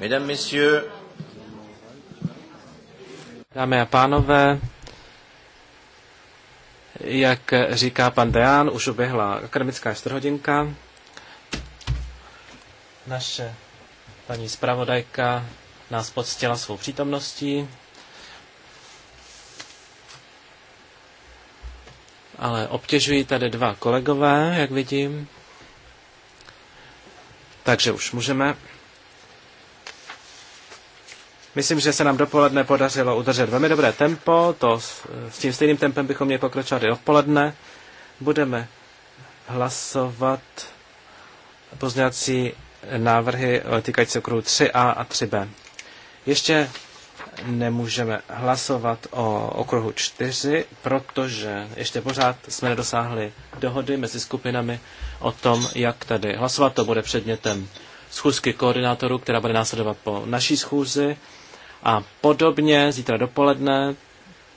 Mesdames, Messieurs, Dámy a pánové, jak říká pan Deán, už uběhla akademická čtvrthodinka. Naše paní zpravodajka nás poctila svou přítomností, ale obtěžují tady dva kolegové, jak vidím. Takže už můžeme Myslím, že se nám dopoledne podařilo udržet velmi dobré tempo, to s, s tím stejným tempem bychom měli pokračovat i odpoledne. Budeme hlasovat pozněvací návrhy týkající se okruhu 3a a 3b. Ještě nemůžeme hlasovat o okruhu 4, protože ještě pořád jsme nedosáhli dohody mezi skupinami o tom, jak tady hlasovat. To bude předmětem schůzky koordinátorů, která bude následovat po naší schůzi a podobně zítra dopoledne,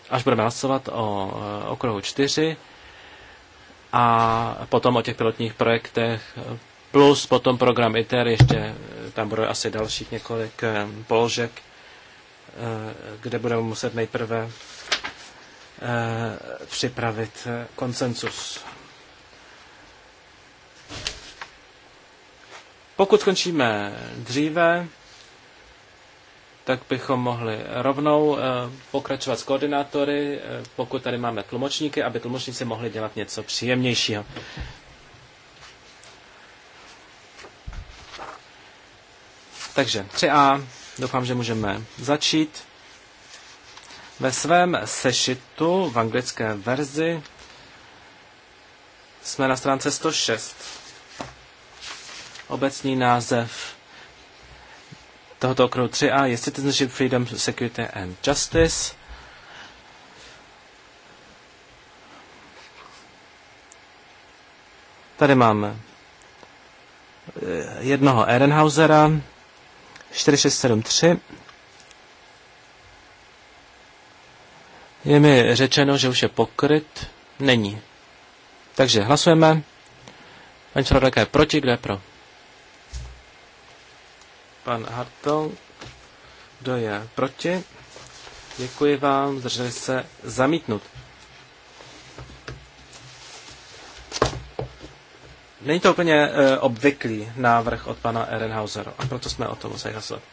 až budeme hlasovat o eh, okruhu 4 a potom o těch pilotních projektech, plus potom program ITER, ještě eh, tam bude asi dalších několik eh, položek, kde budeme muset nejprve připravit konsensus. Pokud skončíme dříve, tak bychom mohli rovnou eh, pokračovat s koordinátory, eh, pokud tady máme tlumočníky, aby tlumočníci mohli dělat něco příjemnějšího. Takže 3A, doufám, že můžeme začít. Ve svém sešitu v anglické verzi jsme na stránce 106. Obecný název tohoto okruhu 3a je Citizenship, Freedom, Security and Justice. Tady máme eh, jednoho Ehrenhausera, 4673. Je mi řečeno, že už je pokryt. Není. Takže hlasujeme. Pan Črodeka je proti, kdo je pro? Pan Hartl. Kdo je proti? Děkuji vám. Zdrželi se zamítnut. Není to úplně e, obvyklý návrh od pana Ehrenhausera a proto jsme o tom museli hlasovat.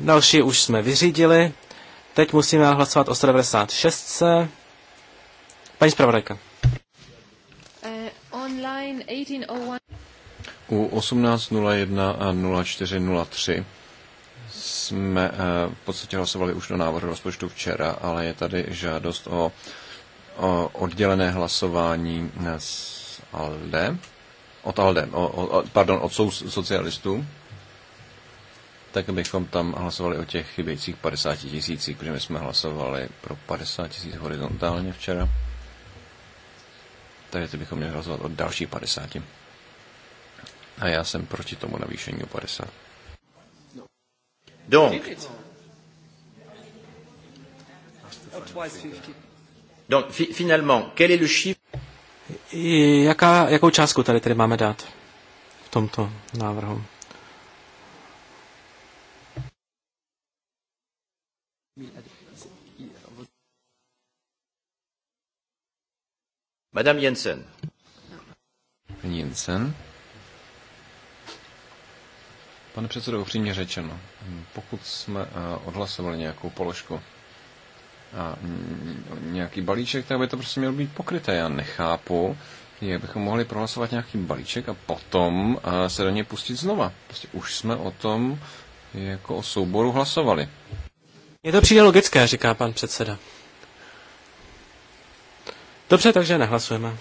Další už jsme vyřídili. Teď musíme hlasovat o 196. Paní zpravodajka online 1801. U 18.01 a 04.03 jsme eh, v podstatě hlasovali už do návrhu rozpočtu včera, ale je tady žádost o, o oddělené hlasování s eh, ALDE, od ALDE, o, o, pardon, od socialistů, tak abychom tam hlasovali o těch chybějících 50 tisících, protože my jsme hlasovali pro 50 tisíc horizontálně včera takže ty bychom měli hlasovat o další 50. A já jsem proti tomu navýšení o 50. Dom. Oh, Donc, finalement, quel est le chiffre? Jaká, jakou částku tady tedy máme dát v tomto návrhu? Madame Jensen. Jensen. Pane předsedo, upřímně řečeno, pokud jsme eh, odhlasovali nějakou položku a nějaký balíček, tak by to prostě mělo být pokryté. Já nechápu, jak bychom mohli prohlasovat nějaký balíček a potom eh, se do něj pustit znova. Prostě už jsme o tom jako o souboru hlasovali. Je to přijde logické, říká pan předseda. Dobře, takže nehlasujeme.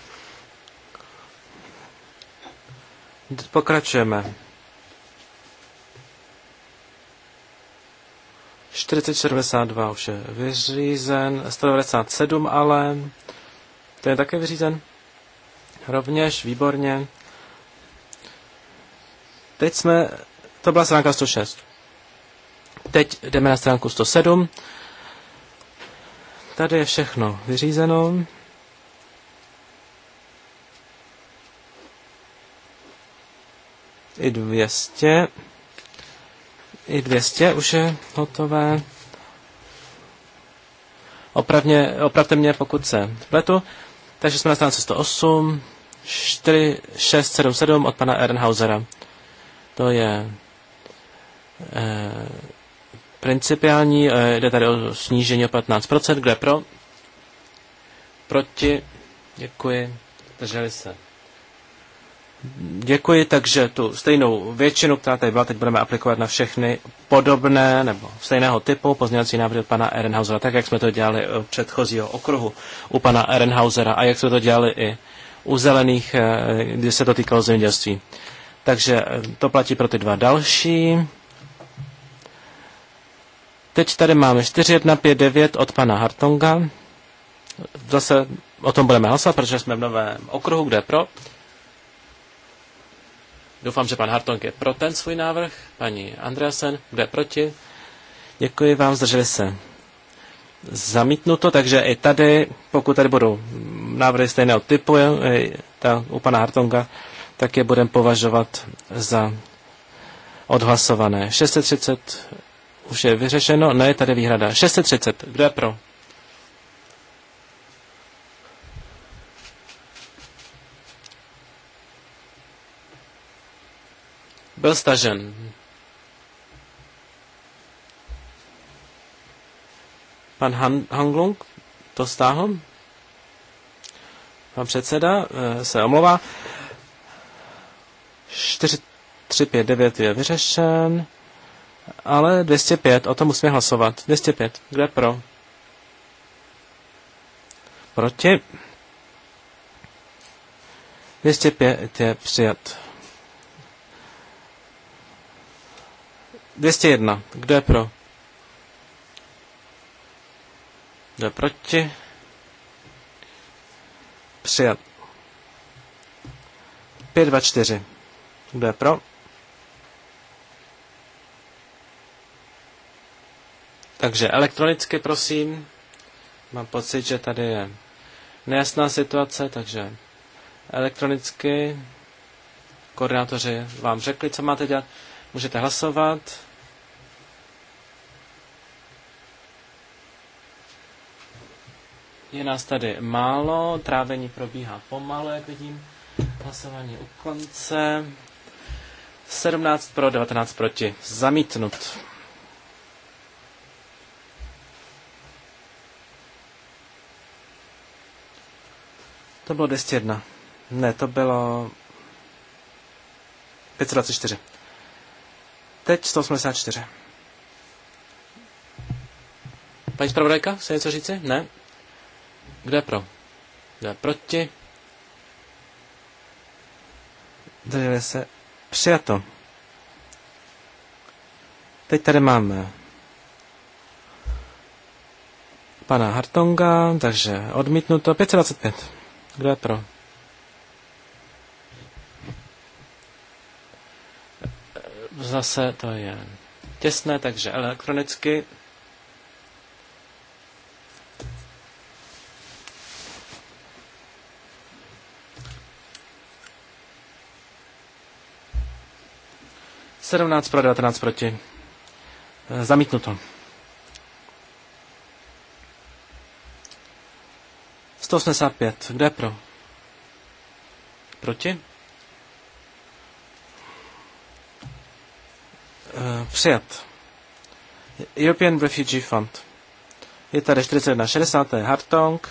Pokračujeme. 4072 už je vyřízen, 197 ale, to je také vyřízen. Rovněž, výborně. Teď jsme, to byla stránka 106. Teď jdeme na stránku 107. Tady je všechno vyřízeno. i 200. I 200 už je hotové. Opravně, opravte mě, pokud se pletu. Takže jsme na stránce 108, 4, 6, 7, 7 od pana Ehrenhausera. To je e, principiální, e, jde tady o snížení o 15%, kde pro? Proti, děkuji, drželi se Děkuji, takže tu stejnou většinu, která tady byla, teď budeme aplikovat na všechny podobné nebo stejného typu pozměňovací návrh od pana Ehrenhausera, tak jak jsme to dělali u předchozího okruhu u pana Ehrenhausera a jak jsme to dělali i u zelených, eh, kdy se to týkalo zemědělství. Takže eh, to platí pro ty dva další. Teď tady máme 4159 od pana Hartonga. Zase o tom budeme hlasovat, protože jsme v novém okruhu, kde pro Doufám, že pan Hartong je pro ten svůj návrh, paní Andreasen je proti. Děkuji vám, zdrželi se. Zamítnuto, takže i tady, pokud tady budou návrhy stejného typu ta, u pana Hartonga, tak je budeme považovat za odhlasované. 630 už je vyřešeno, ne, tady výhrada. 630, kdo je pro? Byl stažen. Pan Han- Hanglung to stáhl? Pan předseda eh, se omlouvá. 9 je vyřešen, ale 205, o tom musíme hlasovat. 205, kde pro? Proti? 205 je přijat. 201. Kdo je pro? Kdo je proti? Přijat. 524. Kdo je pro? Takže elektronicky, prosím. Mám pocit, že tady je nejasná situace, takže elektronicky koordinátoři vám řekli, co máte dělat. Můžete hlasovat. Je nás tady málo, trávení probíhá pomalu, jak vidím. Hlasování u konce. 17 pro, 19 proti. Zamítnut. To bylo 201. Ne, to bylo 524. Teď 184. Paní zpravodajka, chce něco říci? Ne? je pro? je proti? Zdrželi se. Přijato. Teď tady máme pana Hartonga, takže odmítnuto 525. Kdo je pro? Zase to je těsné, takže elektronicky 17 pro 19 proti. Eh, zamítnuto. 185. Kde je pro? Proti? Eh, přijat. European Refugee Fund. Je tady 41, 60. Hartong.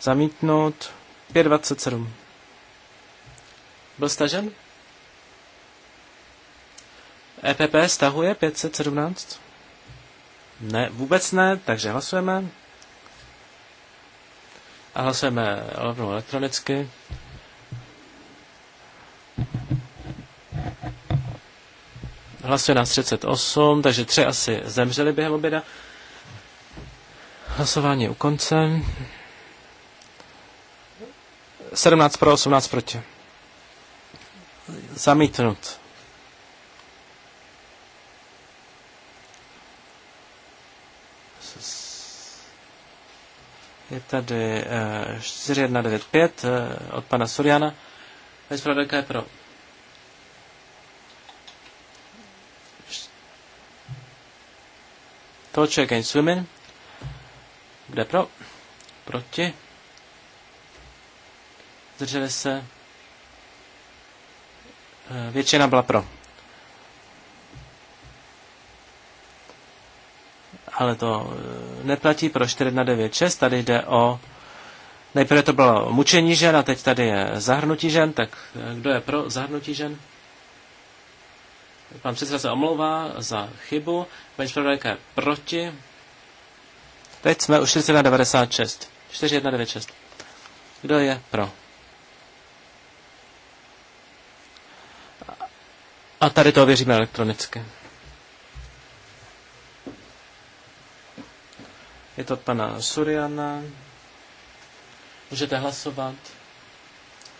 Zamítnout. 527. Byl stažen? EPP stahuje 517? Ne, vůbec ne, takže hlasujeme. A hlasujeme rovnou elektronicky. Hlasuje nás 38, takže tři asi zemřeli během oběda. Hlasování je u konce. 17 pro, 18 proti. Zamítnut. Je tady 4195 eh, eh, od pana Suriana. Bezpravodajka je pro. Torture against women. Kde pro? Proti. Zdrželi se. Eh, většina byla pro. Ale to neplatí pro na 6. Tady jde o... Nejprve to bylo mučení žen a teď tady je zahrnutí žen. Tak eh, kdo je pro zahrnutí žen? Pan předseda se omlouvá za chybu. Paní zpravodajka je proti. Teď jsme u 9, 6. Kdo je pro? A tady to ověříme elektronicky. Je to od pana Suriana. Můžete hlasovat.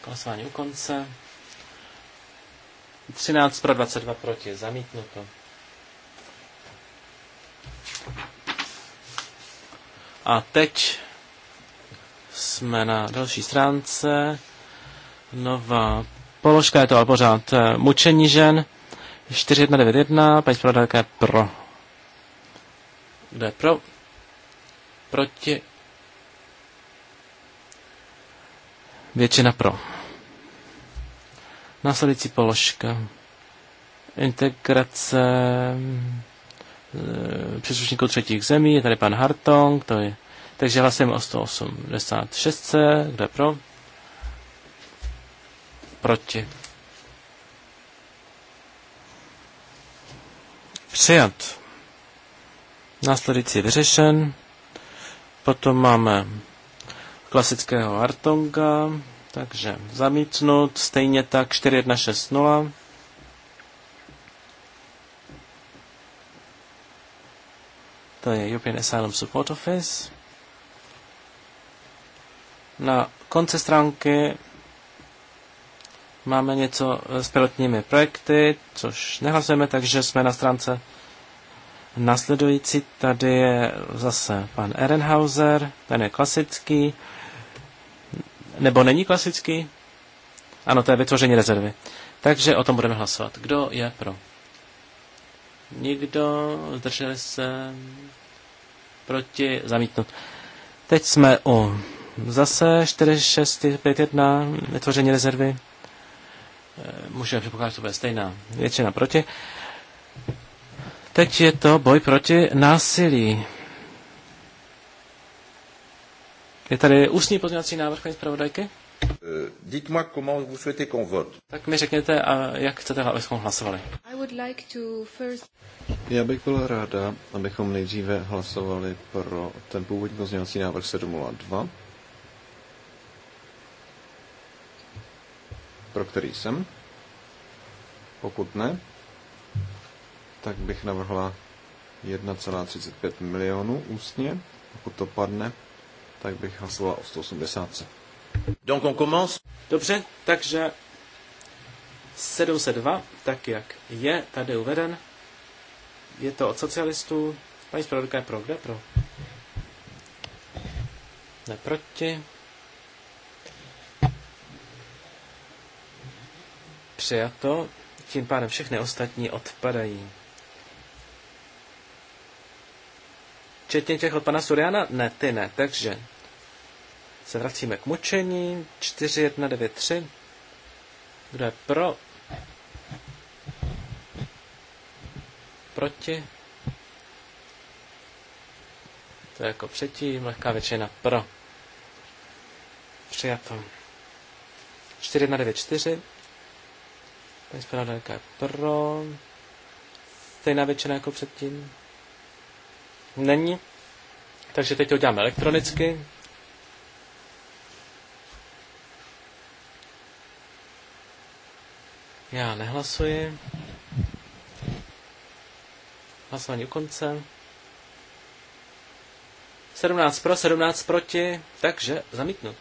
Hlasování u konce. 13 pro 22 proti. Zamítnuto. A teď jsme na další stránce. Nová položka, je to ale pořád eh, mučení žen. 4191, paní zpravodajka pro. Kdo je pro? proti, většina pro. Následující položka. Integrace eh, příslušníků třetích zemí, je tady pan Hartong, to je. Takže hlasujeme o 186, kde pro? Proti. Přijat. Následující vyřešen. Potom máme klasického Artonga, takže zamítnout, stejně tak 4160. To je European Asylum Support Office. Na konci stránky máme něco s pilotními projekty, což nehlasujeme, takže jsme na stránce Nasledující tady je zase pan Ehrenhauser, ten je klasický, nebo není klasický? Ano, to je vytvoření rezervy. Takže o tom budeme hlasovat. Kdo je pro? Nikdo, zdrželi se, proti, zamítnut. Teď jsme u zase 1 vytvoření rezervy. E, můžeme připokládat, že to bude stejná většina proti. Teď je to boj proti násilí. Je tady ústní pozměňovací návrh, paní zpravodajky? Eh, dites-moi comment vous souhaitez qu'on vote. Tak mi řekněte, a jak chcete, abychom hlasovali. I would like to first... Já bych byla ráda, abychom nejdříve hlasovali pro ten původní pozměňovací návrh 702, pro který jsem. Pokud ne, tak bych navrhla 1,35 milionů ústně. Pokud to padne, tak bych hlasovala o 180. Donc on commence. Dobře, takže 702, tak jak je tady uveden, je to od socialistů. Paní zpravodajka je pro, kde pro? Ne proti. Přijato. Tím pádem všechny ostatní odpadají. Včetně těch od pana Suriana? Ne, ty ne. Takže se vracíme k mučení. 4193. Kdo je pro? Proti? To je jako předtím, lehká většina pro. Přijato. 4194. Paní zpravodajka je pro. Stejná většina jako předtím. Není. Takže teď to uděláme elektronicky. Já nehlasuji. Hlasování u konce. 17 pro, 17 proti, takže zamítnut.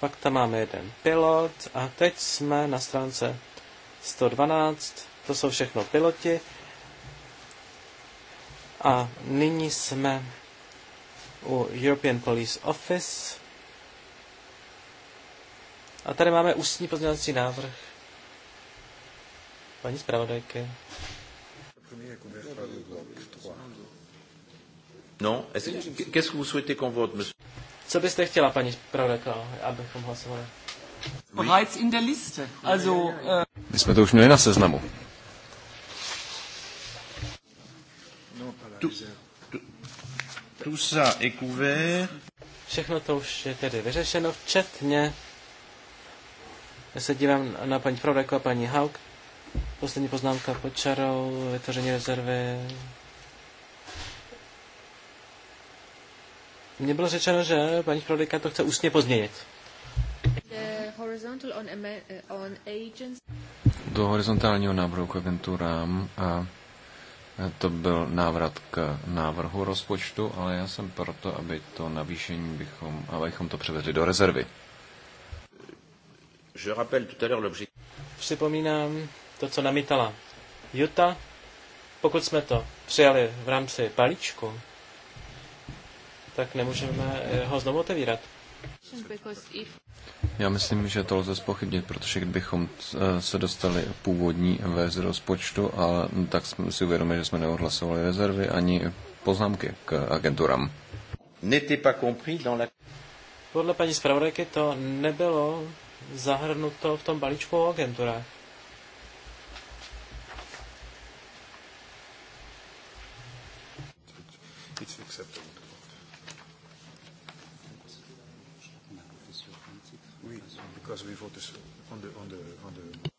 Pak tam máme jeden pilot a teď jsme na stránce 112, to jsou všechno piloti. A nyní jsme u European Police Office. A tady máme ústní pozměňovací návrh. Paní zpravodajky. No, qu'est-ce que vous souhaitez qu'on vote, monsieur? Co byste chtěla, paní zpravodajka, abychom hlasovali? Bereits in der Liste. Also, uh... My jsme to už měli na seznamu. Všechno to už je tedy vyřešeno, včetně. Já se dívám na paní Prodajku a paní Hauk. Poslední poznámka pod čarou, vytvoření rezervy. Mně bylo řečeno, že paní Prodajka to chce ústně pozměnit. Eh, do horizontálního návrhu k agenturám a eh, eh, to byl návrat k návrhu rozpočtu, ale já jsem proto, aby to navýšení bychom, abychom to převedli do rezervy. Připomínám to, co namítala Juta. Pokud jsme to přijali v rámci palíčku, tak nemůžeme ho znovu otevírat. Já myslím, že to lze spochybnit, protože kdybychom eh, se dostali původní vez z rozpočtu, ale no, tak jsme si uvědomili, že jsme neodhlasovali rezervy ani poznámky k agenturám. Podle paní zpravodajky to nebylo zahrnuto v tom balíčku o agenturách. because we voted on the on the on the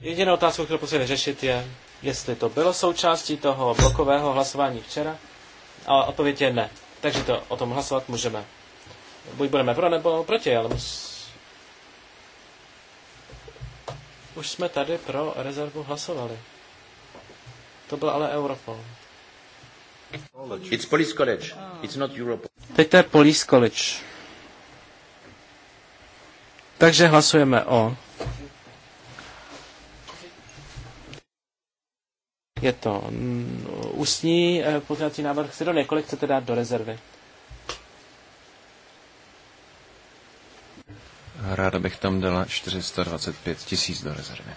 Jediná otázka, kterou potřebujeme řešit, je, jestli to bylo součástí toho blokového hlasování včera, A odpověď je ne. Takže to o tom hlasovat můžeme. Buď budeme pro nebo proti, ale mus... už jsme tady pro rezervu hlasovali. To byl ale Europol. It's Police College. It's not Europol. Teď to je Police College. Takže hlasujeme o Je to mm, ústní eh, pozměňovací návrh Sidonie. Kolik chcete dát do rezervy? Ráda bych tam dala 425 tisíc do rezervy.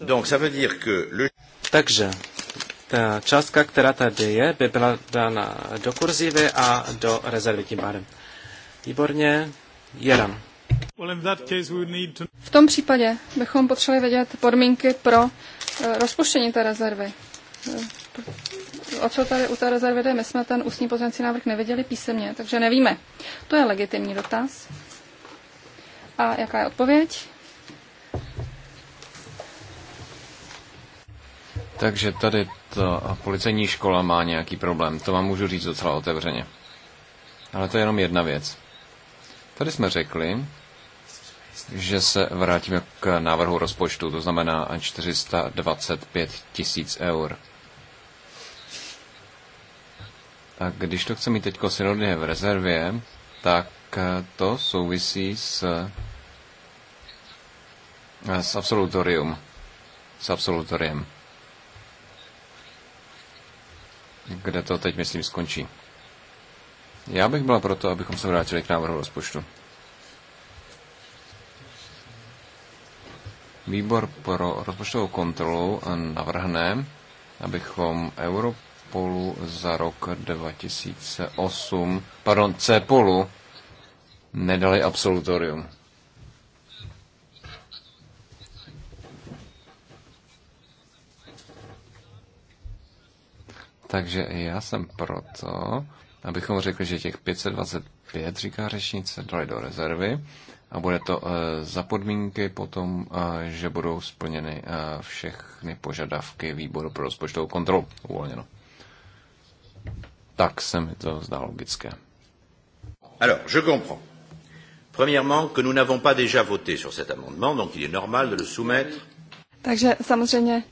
Donc ça veut dire que le. Takže ta částka, která tady je, by byla dána do kurzivy a do rezervy tím pádem. Výborně. Jeram. V tom případě bychom potřebovali vědět podmínky pro eh, rozpuštění té rezervy. Eh, o co tady u té rezervy jde? My jsme ten ústní pozměňovací návrh neviděli písemně, takže nevíme. To je legitimní dotaz. A jaká je odpověď? Takže tady ta policejní škola má nějaký problém, to vám můžu říct docela otevřeně. Ale to je jenom jedna věc. Tady jsme řekli, že se vrátíme k návrhu rozpočtu, to znamená 425 tisíc eur. Tak když to chce mít teď synodie v rezervě, tak to souvisí s, s absolutorium. S absolutoriem. Kde to teď, myslím, skončí. Já bych byla proto, abychom se vrátili k návrhu rozpočtu. Výbor pro rozpočtovou kontrolu navrhne, abychom Europolu za rok 2008, pardon, CEPOLu nedali absolutorium. Takže já jsem proto, abychom řekli, že těch 525, říká řečnice, dali do rezervy a bude to eh, za podmínky potom, eh, že budou splněny eh, všechny požadavky výboru pro rozpočtovou kontrolu. Uvolněno. Tak se mi to zdá logické. Alors, je comprends. Premièrement, que nous n'avons pas déjà voté sur cet amendement, donc il est normal de le soumettre. Takže samozřejmě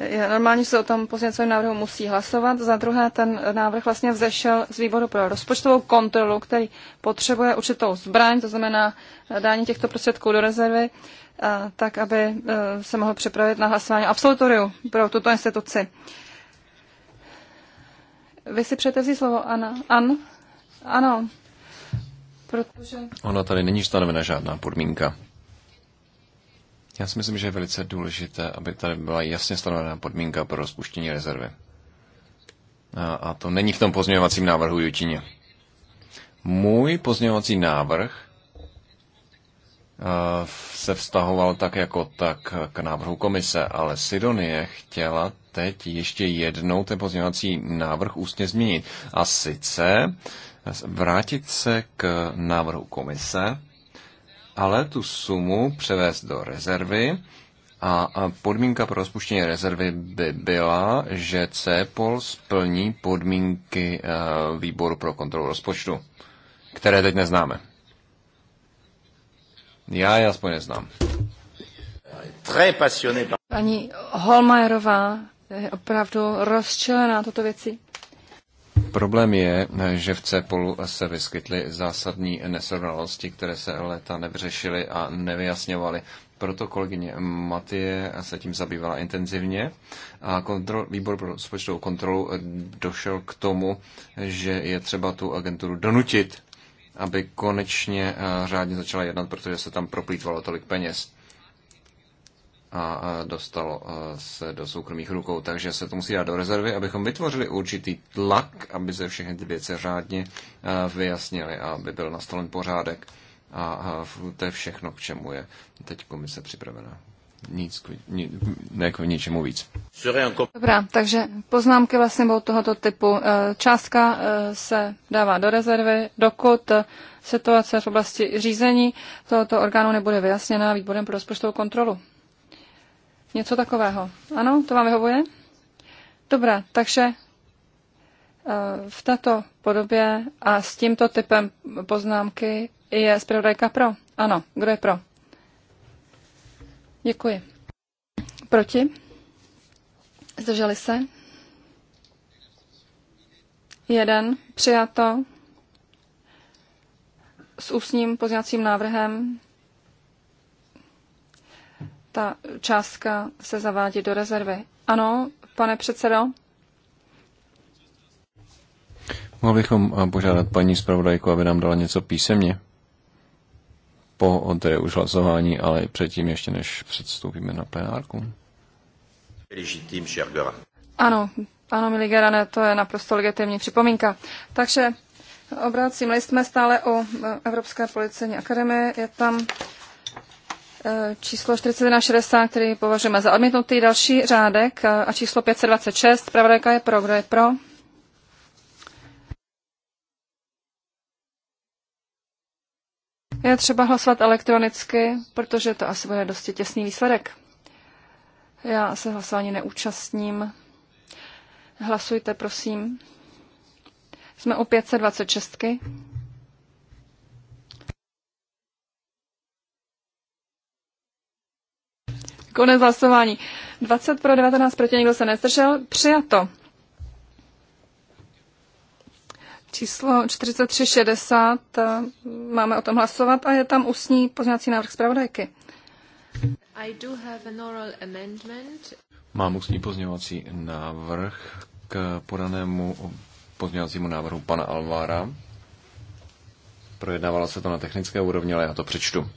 je normální, že se o tom pozměňovacím návrhu musí hlasovat. Za druhé, ten návrh vlastně vzešel z výboru pro rozpočtovou kontrolu, který potřebuje určitou zbraň, to znamená dání těchto prostředků do rezervy, tak aby e, se mohl připravit na hlasování absolutoriu pro tuto instituci. Vy si přejete vzít slovo, Anna? An? Ano. Protože... Ona tady není stanovena žádná podmínka. Já si myslím, že je velice důležité, aby tady byla jasně stanovená podmínka pro rozpuštění rezervy. A, a to není v tom pozměňovacím návrhu Jutině. Můj pozměňovací návrh eh, se vztahoval tak jako tak k návrhu komise, ale Sidonie chtěla teď ještě jednou ten pozměňovací návrh ústně změnit. A sice vrátit se k návrhu komise ale tu sumu převést do rezervy a podmínka pro rozpuštění rezervy by byla, že CEPOL splní podmínky eh, výboru pro kontrolu rozpočtu, které teď neznáme. Já je aspoň neznám. Paní Holmajerová je opravdu rozčelená toto věcí. Problém je, že v Cepolu se vyskytly zásadní nesrovnalosti, které se léta nevyřešily a nevyjasňovaly. Proto kolegyně Matie se tím zabývala intenzivně a kontrol, výbor pro rozpočtovou kontrolu došel k tomu, že je třeba tu agenturu donutit, aby konečně eh, řádně začala jednat, protože se tam proplýtvalo tolik peněz a dostalo se do soukromých rukou. Takže se to musí dát do rezervy, abychom vytvořili určitý tlak, aby se všechny ty věci řádně vyjasnily a aby byl nastolen pořádek. A to je všechno, k čemu je teď komise připravená. Nic, ne jako ničemu víc. Dobrá, takže poznámky vlastně budou tohoto typu. E, částka e, se dává do rezervy, dokud situace v oblasti řízení tohoto orgánu nebude vyjasněna výborem pro rozpočtovou kontrolu něco takového. Ano, to vám vyhovuje? Dobrá, takže eh, v této podobě a s tímto typem poznámky je zpravodajka pro. Ano, kdo je pro? Děkuji. Proti? Zdrželi se? Jeden. Přijato. S ústním pozněcím návrhem ta částka se zavádí do rezervy. Ano, pane předsedo? Mohl bychom eh, požádat paní zpravodajku, aby nám dala něco písemně? Po té už hlasování, ale předtím, ještě než předstoupíme na plenárku. Ano, ano, milí Gerane, to je naprosto legitimní připomínka. Takže obrácím, list jsme stále o eh, Evropské policejní akademie. Je tam Eh, číslo 4160, který považujeme za odmítnutý, další řádek eh, a číslo 526. Pravodajka je pro. Kdo je pro? Je třeba hlasovat elektronicky, protože to asi bude dosti těsný výsledek. Já se hlasování neúčastním. Hlasujte, prosím. Jsme u 526. -ky. Konec hlasování. 20 pro 19 proti, nikdo se nezdržel. Přijato. Číslo 4360, máme o tom hlasovat a je tam ústní pozměňovací návrh zpravodajky. I do have an oral amendment. Mám ústní pozměňovací návrh k podanému pozměňovacímu návrhu pana Alvára. Projednávalo se to na technické úrovni, ale já to přečtu.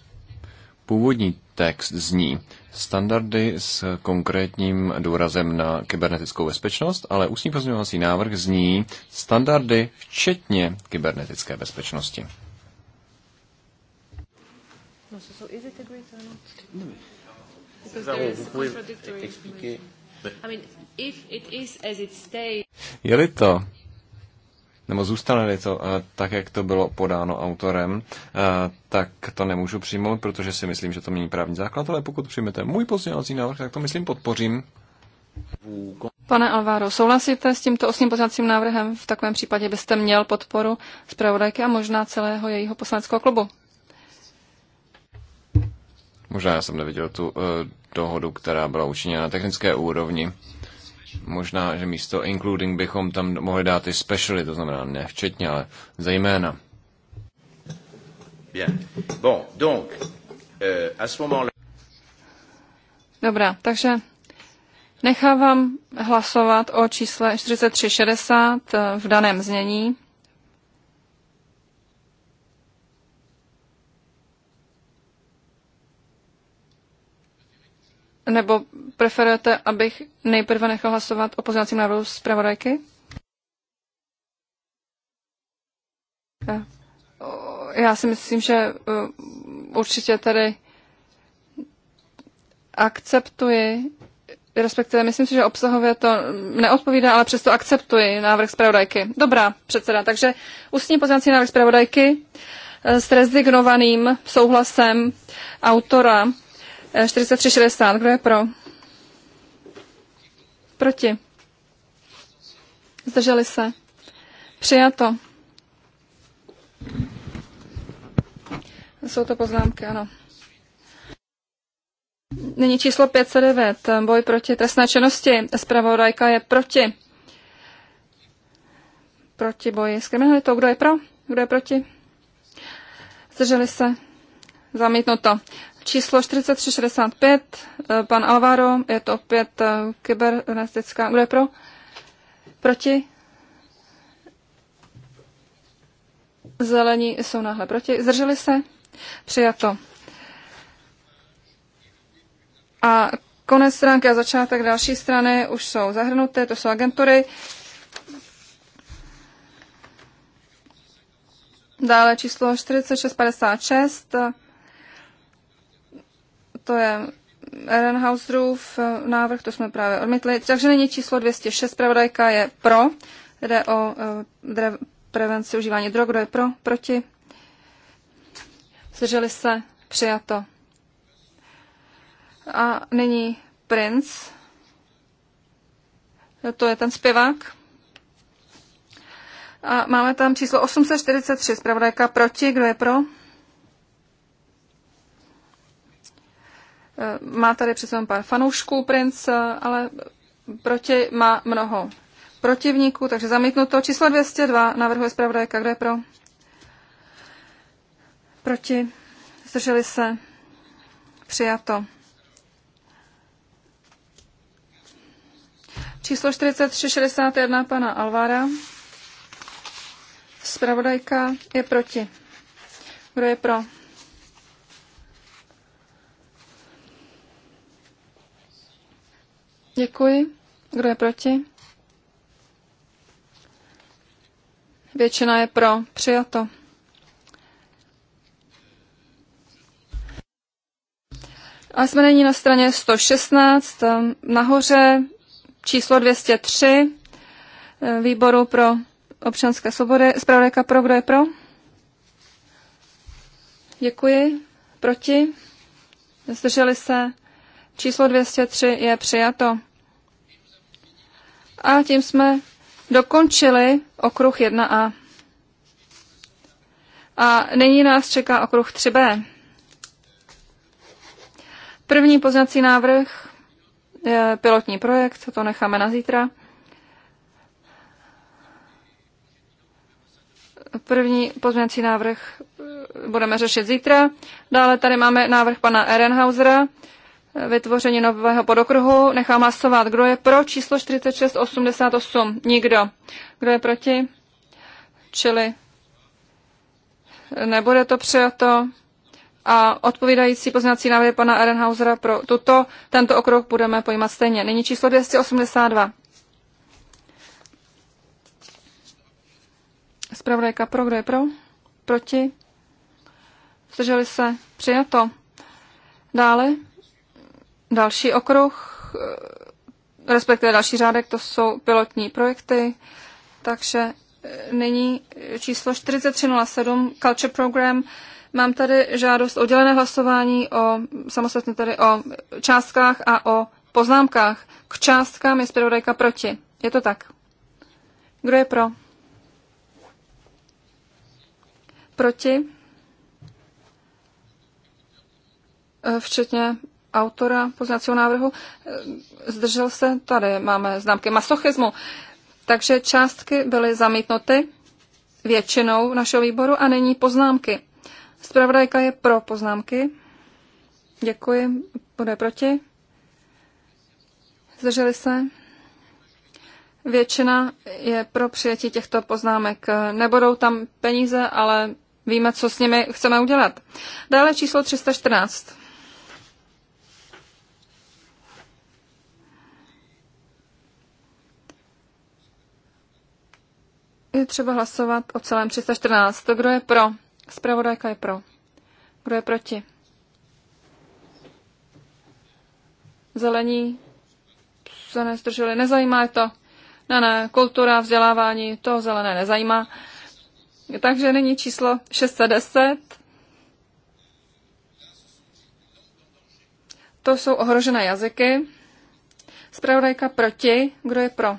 Původní text zní, standardy s konkrétním důrazem na kybernetickou bezpečnost, ale ústní pozměňovací návrh zní standardy včetně kybernetické bezpečnosti. No, no. Je-li to nebo zůstane-li to eh, tak, jak to bylo podáno autorem, eh, tak to nemůžu přijmout, protože si myslím, že to mění právní základ, ale pokud přijmete můj pozdělací návrh, tak to myslím podpořím. Pane Alváro, souhlasíte s tímto osmým pozvacím návrhem? V takovém případě byste měl podporu zpravodajky a možná celého jejího poslaneckého klubu. Možná já jsem neviděl tu uh, dohodu, která byla učiněna na technické úrovni. Možná, že místo including bychom tam mohli dát i specially, to znamená ne včetně, ale zejména. Bien. Bon, donc, euh, à ce moment-là... Dobrá, takže nechávám hlasovat o čísle 4360 eh, v daném znění. Nebo preferujete, abych nejprve nechal hlasovat o poznacím návrhu pravodajky? Já si myslím, že uh, určitě tady akceptuji, respektive myslím si, že obsahově to neodpovídá, ale přesto akceptuji návrh zpravodajky. Dobrá, předseda, takže ústní poznací návrh zpravodajky eh, s rezignovaným souhlasem autora 43,60. Kdo je pro? Proti. Zdrželi se. Přijato. Jsou to poznámky, ano. Nyní číslo 509. Boj proti trestné činnosti. Spravodajka je proti. Proti boji s kriminalitou. Kdo je pro? Kdo je proti? Zdrželi se. Zamítnuto číslo 4365, eh, pan Alvaro, je to opět eh, kybernetická. Kdo je pro? Proti? Zelení jsou náhle proti. Zdrželi se? Přijato. A konec stránky a začátek další strany už jsou zahrnuté, to jsou agentury. Dále číslo 4656 to je Ehrenhauserův návrh, to jsme právě odmítli. Takže není číslo 206, pravodajka je pro, jde o eh, drev, prevenci užívání drog, kdo je pro, proti. Zdrželi se, přijato. A nyní Prince, to je ten zpěvák. A máme tam číslo 843, zpravodajka proti, kdo je pro? Má tady přece pár fanoušků princ, ale proti má mnoho protivníků, takže zamítnuto. Číslo 202 navrhuje zpravodajka. Kdo je pro? Proti? Zdrželi se? Přijato. Číslo 4361 pana Alvára. Spravodajka je proti. Kdo je pro? Děkuji. Kdo je proti? Většina je pro. Přijato. A jsme nyní na straně 116, nahoře číslo 203, výboru pro občanské svobody. Spravodajka pro, kdo je pro? Děkuji. Proti? Zdrželi se? Číslo 203 je přijato. A tím jsme dokončili okruh 1A. A nyní nás čeká okruh 3B. První poznací návrh je eh, pilotní projekt, to necháme na zítra. První pozměňovací návrh eh, budeme řešit zítra. Dále tady máme návrh pana Ehrenhausera vytvoření nového podokruhu. Nechám hlasovat. Kdo je pro číslo 4688? Nikdo. Kdo je proti? Čili nebude to přijato. A odpovídající poznací návrhy pana Erenhausera pro tuto, tento okruh budeme pojímat stejně. Nyní číslo 282. Zpravodajka pro, kdo je pro? Proti? Zdrželi se? Přijato. Dále Další okruh, eh, respektive další řádek, to jsou pilotní projekty, takže eh, nyní číslo 4307 Culture Program. Mám tady žádost o dělené hlasování, o, samostatně tady o částkách a o poznámkách. K částkám je zpravodajka proti. Je to tak. Kdo je pro? Proti? Eh, včetně autora poznacího návrhu. E, zdržel se, tady máme známky masochismu. Takže částky byly zamítnuty většinou našeho výboru a není poznámky. Zpravodajka je pro poznámky. Děkuji. Bude proti? Zdrželi se? Většina je pro přijetí těchto poznámek. Nebudou tam peníze, ale víme, co s nimi chceme udělat. Dále číslo 314. Je třeba hlasovat o celém 314. To, kdo je pro? Zpravodajka je pro. Kdo je proti? Zelení se nezdrželi. Nezajímá je to. Ne, ne, kultura, vzdělávání, to zelené nezajímá. Takže nyní číslo 610. To jsou ohrožené jazyky. Spravodajka proti. Kdo je pro?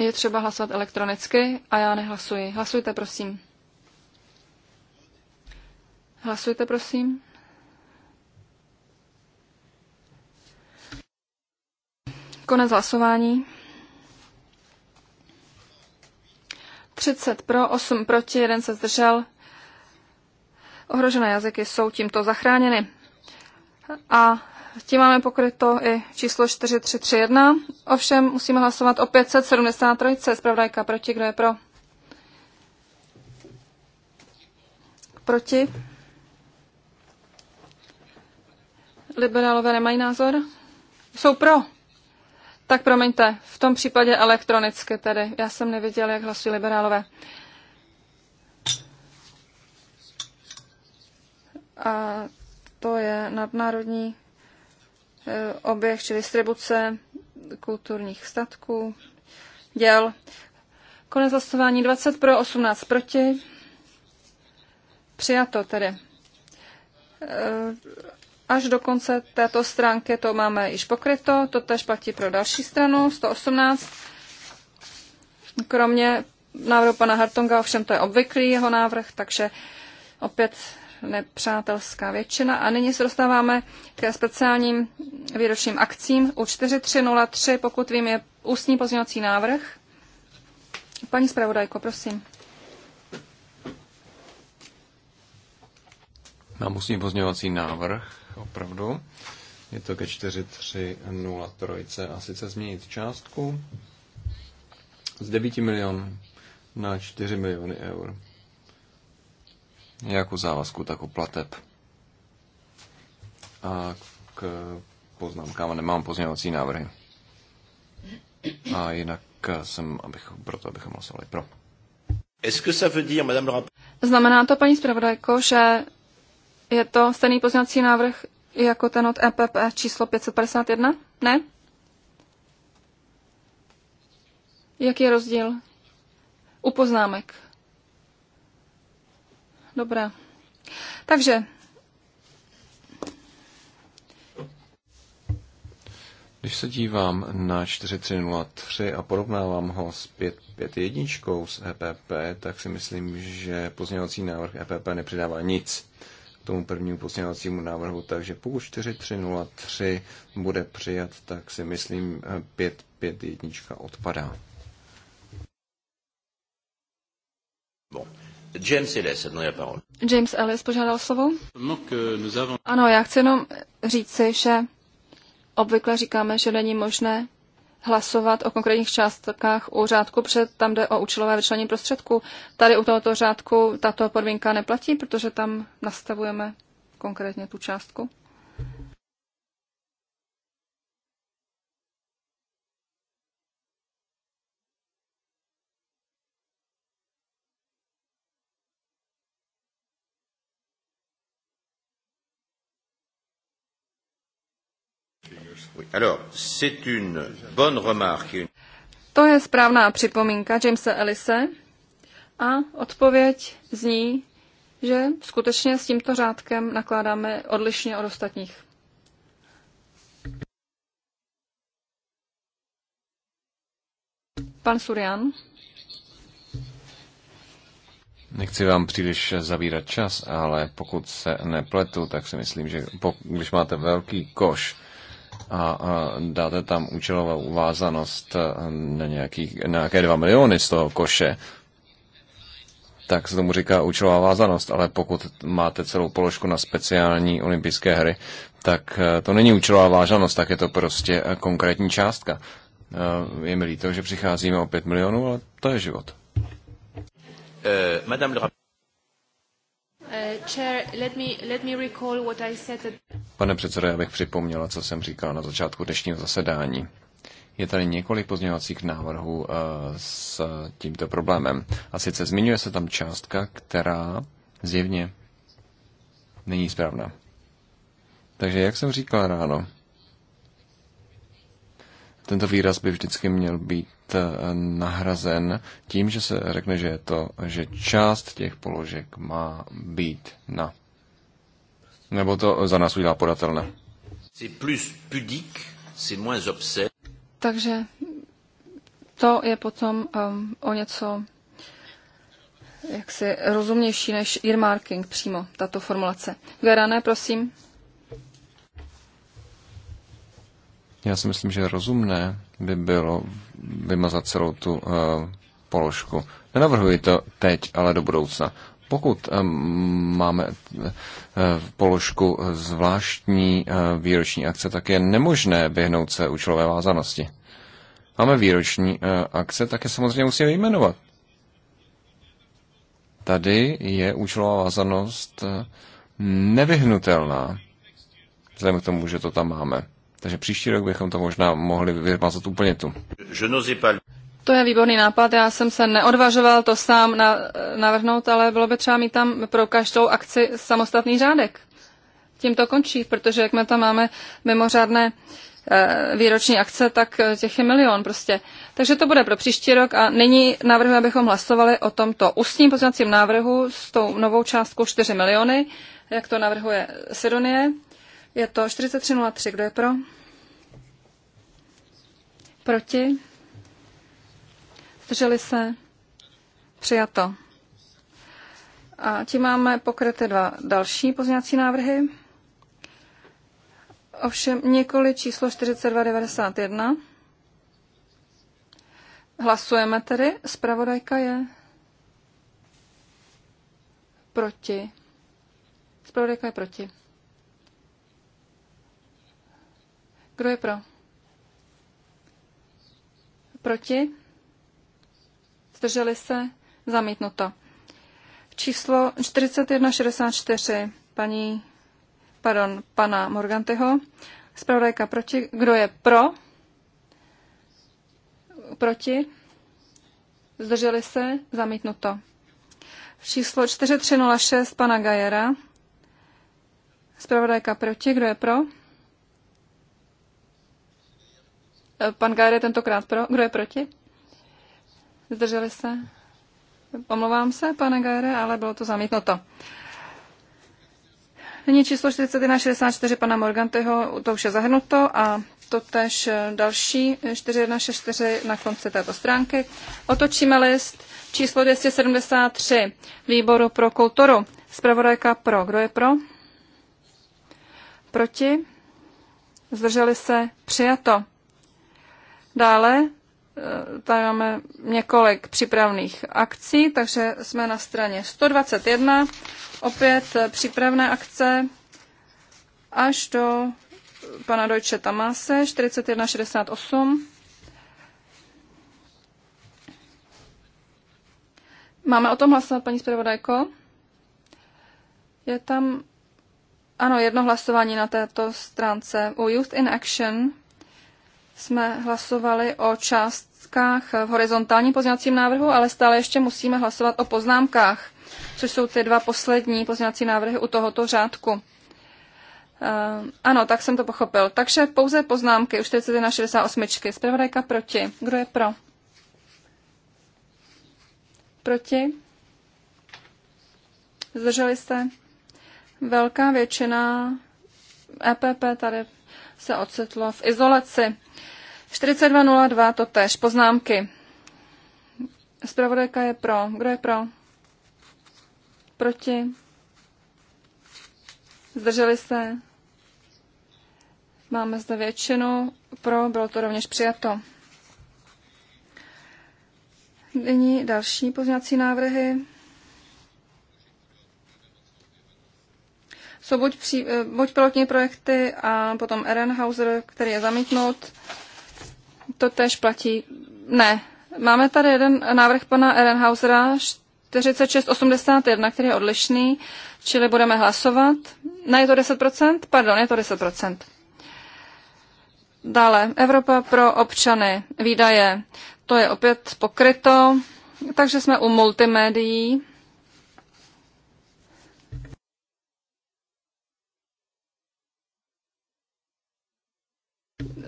Je třeba hlasovat elektronicky a já nehlasuji. Hlasujte, prosím. Hlasujte, prosím. Konec hlasování. 30 pro, 8 proti, 1 se zdržel. Ohrožené jazyky jsou tímto zachráněny. A tím máme pokryto i číslo 4331. Ovšem musíme hlasovat o 573. Zpravodajka proti, kdo je pro? Proti? Liberálové nemají názor? Jsou pro. Tak promiňte, v tom případě elektronicky tedy. Já jsem neviděl, jak hlasují liberálové. A to je nadnárodní Eh, oběh či distribuce kulturních statků, děl. Konec hlasování 20 pro, 18 proti. Přijato tedy. Eh, až do konce této stránky to máme již pokryto, to tež platí pro další stranu, 118. Kromě návrhu pana Hartonga, ovšem to je obvyklý jeho návrh, takže opět nepřátelská většina. A nyní se dostáváme k speciálním výročním akcím. U 4303, pokud vím, je ústní pozměňovací návrh. Paní zpravodajko, prosím. Mám ústní pozměňovací návrh, opravdu. Je to ke 4303 a sice změnit částku z 9 milionů na 4 miliony eur jak u závazku, tak u plateb. A k poznámkám nemám pozměňovací návrhy. A jinak jsem abych, proto, abychom hlasovali pro. Znamená to, paní zpravodajko, že je to stejný pozměňovací návrh jako ten od EPP číslo 551? Ne? Jaký je rozdíl? U poznámek. Dobrá. Takže. Když se dívám na 4303 a porovnávám ho s 551 z EPP, tak si myslím, že pozměňovací návrh EPP nepřidává nic tomu prvnímu pozměňovacímu návrhu, takže pokud 4303 bude přijat, tak si myslím 551 odpadá. Bon. James Ellis, jedno je parole. James Ellis požádal slovo. No, ano, já chci jenom říci, že obvykle říkáme, že není možné hlasovat o konkrétních částkách u řádku, protože tam jde o účelové vyčlenění prostředků. Tady u tohoto řádku tato podmínka neplatí, protože tam nastavujeme konkrétně tu částku. To je správná připomínka Jamesa Ellise a odpověď zní, že skutečně s tímto řádkem nakládáme odlišně od ostatních. Pan Surian. Nechci vám příliš zavírat čas, ale pokud se nepletu, tak si myslím, že když máte velký koš, a, a dáte tam účelovou uvázanost eh, na, nějaký, na nějaké 2 miliony z toho koše, tak se tomu říká účelová vázanost, ale pokud máte celou položku na speciální olympijské hry, tak eh, to není účelová vázanost, tak je to prostě eh, konkrétní částka. Je mi líto, že přicházíme o 5 milionů, ale to je život. Madame Eh, Pane předsedo, já bych připomněla, co jsem říkal na začátku dnešního zasedání. Je tady několik pozměňovacích návrhů eh, s tímto problémem. A sice zmiňuje se tam částka, která zjevně není správná. Takže jak jsem říkal ráno, tento výraz by vždycky měl být eh, nahrazen tím, že se řekne, že je to, že část těch položek má být na. Nebo to za nás udělá podatelné. Takže to je potom um, o něco jaksi rozumnější než earmarking přímo, tato formulace. Verané, prosím. Já si myslím, že rozumné by bylo vymazat celou tu uh, položku. Nenavrhuji to teď, ale do budoucna. Pokud eh, máme v eh, položku zvláštní výroční akce, tak je nemožné vyhnout se účelové vázanosti. Máme výroční akce, tak je samozřejmě musíme jmenovat. Tady je účelová vázanost nevyhnutelná, vzhledem k tomu, že to tam máme. Takže příští rok bychom to možná mohli vypázat úplně tu. To je výborný nápad, já jsem se neodvažoval to sám na, navrhnout, ale bylo by třeba mít tam pro každou akci samostatný řádek. Tím to končí, protože jak my tam máme mimořádné eh, výroční akce, tak eh, těch je milion prostě. Takže to bude pro příští rok a nyní navrhuji, abychom hlasovali o tomto ústním pozvacím návrhu s tou novou částkou 4 miliony, jak to navrhuje Sidonie. Je to 4303. Kdo je pro? Proti? Zdrželi se? Přijato. A tím máme pokryty dva další pozměňovací návrhy. Ovšem nikoli číslo 4291. Hlasujeme tedy. Spravodajka je proti. Spravodajka je proti. Kdo je pro? Proti? Zdrželi se? Zamítnuto. Číslo 4164 paní, pardon, pana Morganteho. Spravodajka proti. Kdo je pro? Proti? Zdrželi se? Zamítnuto. Číslo 4306 pana Gajera. Spravodajka proti. Kdo je pro? Eh, pan Gár je tentokrát pro. Kdo je proti? Zdrželi se? Omlouvám se, pane Gajere, ale bylo to zamítnuto. Nyní číslo 41 64 pana Morganteho, to už je zahrnuto a to tež eh, další 4164 eh, na konci této stránky. Otočíme list číslo 273 výboru pro kulturu. Zpravodajka pro. Kdo je pro? Proti? Zdrželi se? Přijato. Dále eh, tady máme několik přípravných akcí, takže jsme na straně 121, opět eh, přípravné akce až do pana Deutsche Tamase 4168. Máme o tom hlasovat, paní zpravodajko? Je tam, ano, jedno hlasování na této stránce u Youth in Action – jsme hlasovali o částkách v horizontálním pozměňovacím návrhu, ale stále ještě musíme hlasovat o poznámkách, což jsou ty dva poslední pozměňovací návrhy u tohoto řádku. Eh, ano, tak jsem to pochopil. Takže pouze poznámky u 41 68. Zpravodajka proti. Kdo je pro? Proti? Zdrželi jste? Velká většina EPP tady se ocitlo v izolaci. 42.02 to tež. Poznámky. Zpravodajka je pro. Kdo je pro? Proti? Zdrželi se? Máme zde většinu. Pro bylo to rovněž přijato. Nyní další pozměňovací návrhy. jsou buď, pří, eh, buď pilotní projekty a potom Ehrenhauser, který je zamítnut. To tež platí. Ne. Máme tady jeden návrh pana Ehrenhausera 4681, který je odlišný, čili budeme hlasovat. Ne, je to 10%? Pardon, je to 10%. Dále, Evropa pro občany, výdaje. To je opět pokryto, takže jsme u multimédií.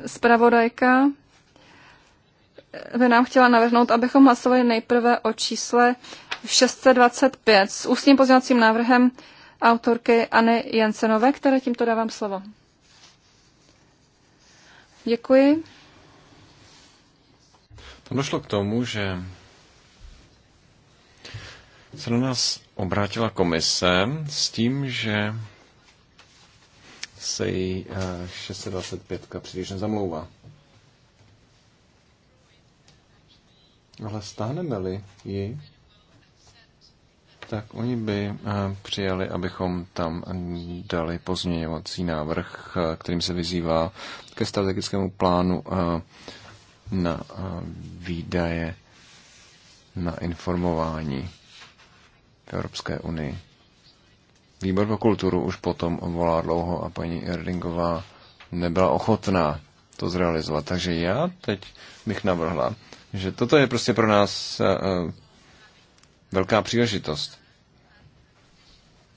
Spravodajka by nám chtěla navrhnout, abychom hlasovali nejprve o čísle 625 s ústním pozměňovacím návrhem autorky Anny Jensenové, které tímto dávám slovo. Děkuji. Tam došlo k tomu, že se na nás obrátila komise s tím, že se jí 625 eh, příliš nezamlouvá. Ale stáhneme-li ji, tak oni by eh, přijali, abychom tam dali pozměňovací návrh, eh, kterým se vyzývá ke strategickému plánu na výdaje na informování v Evropské unii. Výbor pro kulturu už potom volá dlouho a paní Erdingová nebyla ochotná to zrealizovat. Takže já teď bych navrhla, že toto je prostě pro nás eh, eh, velká příležitost.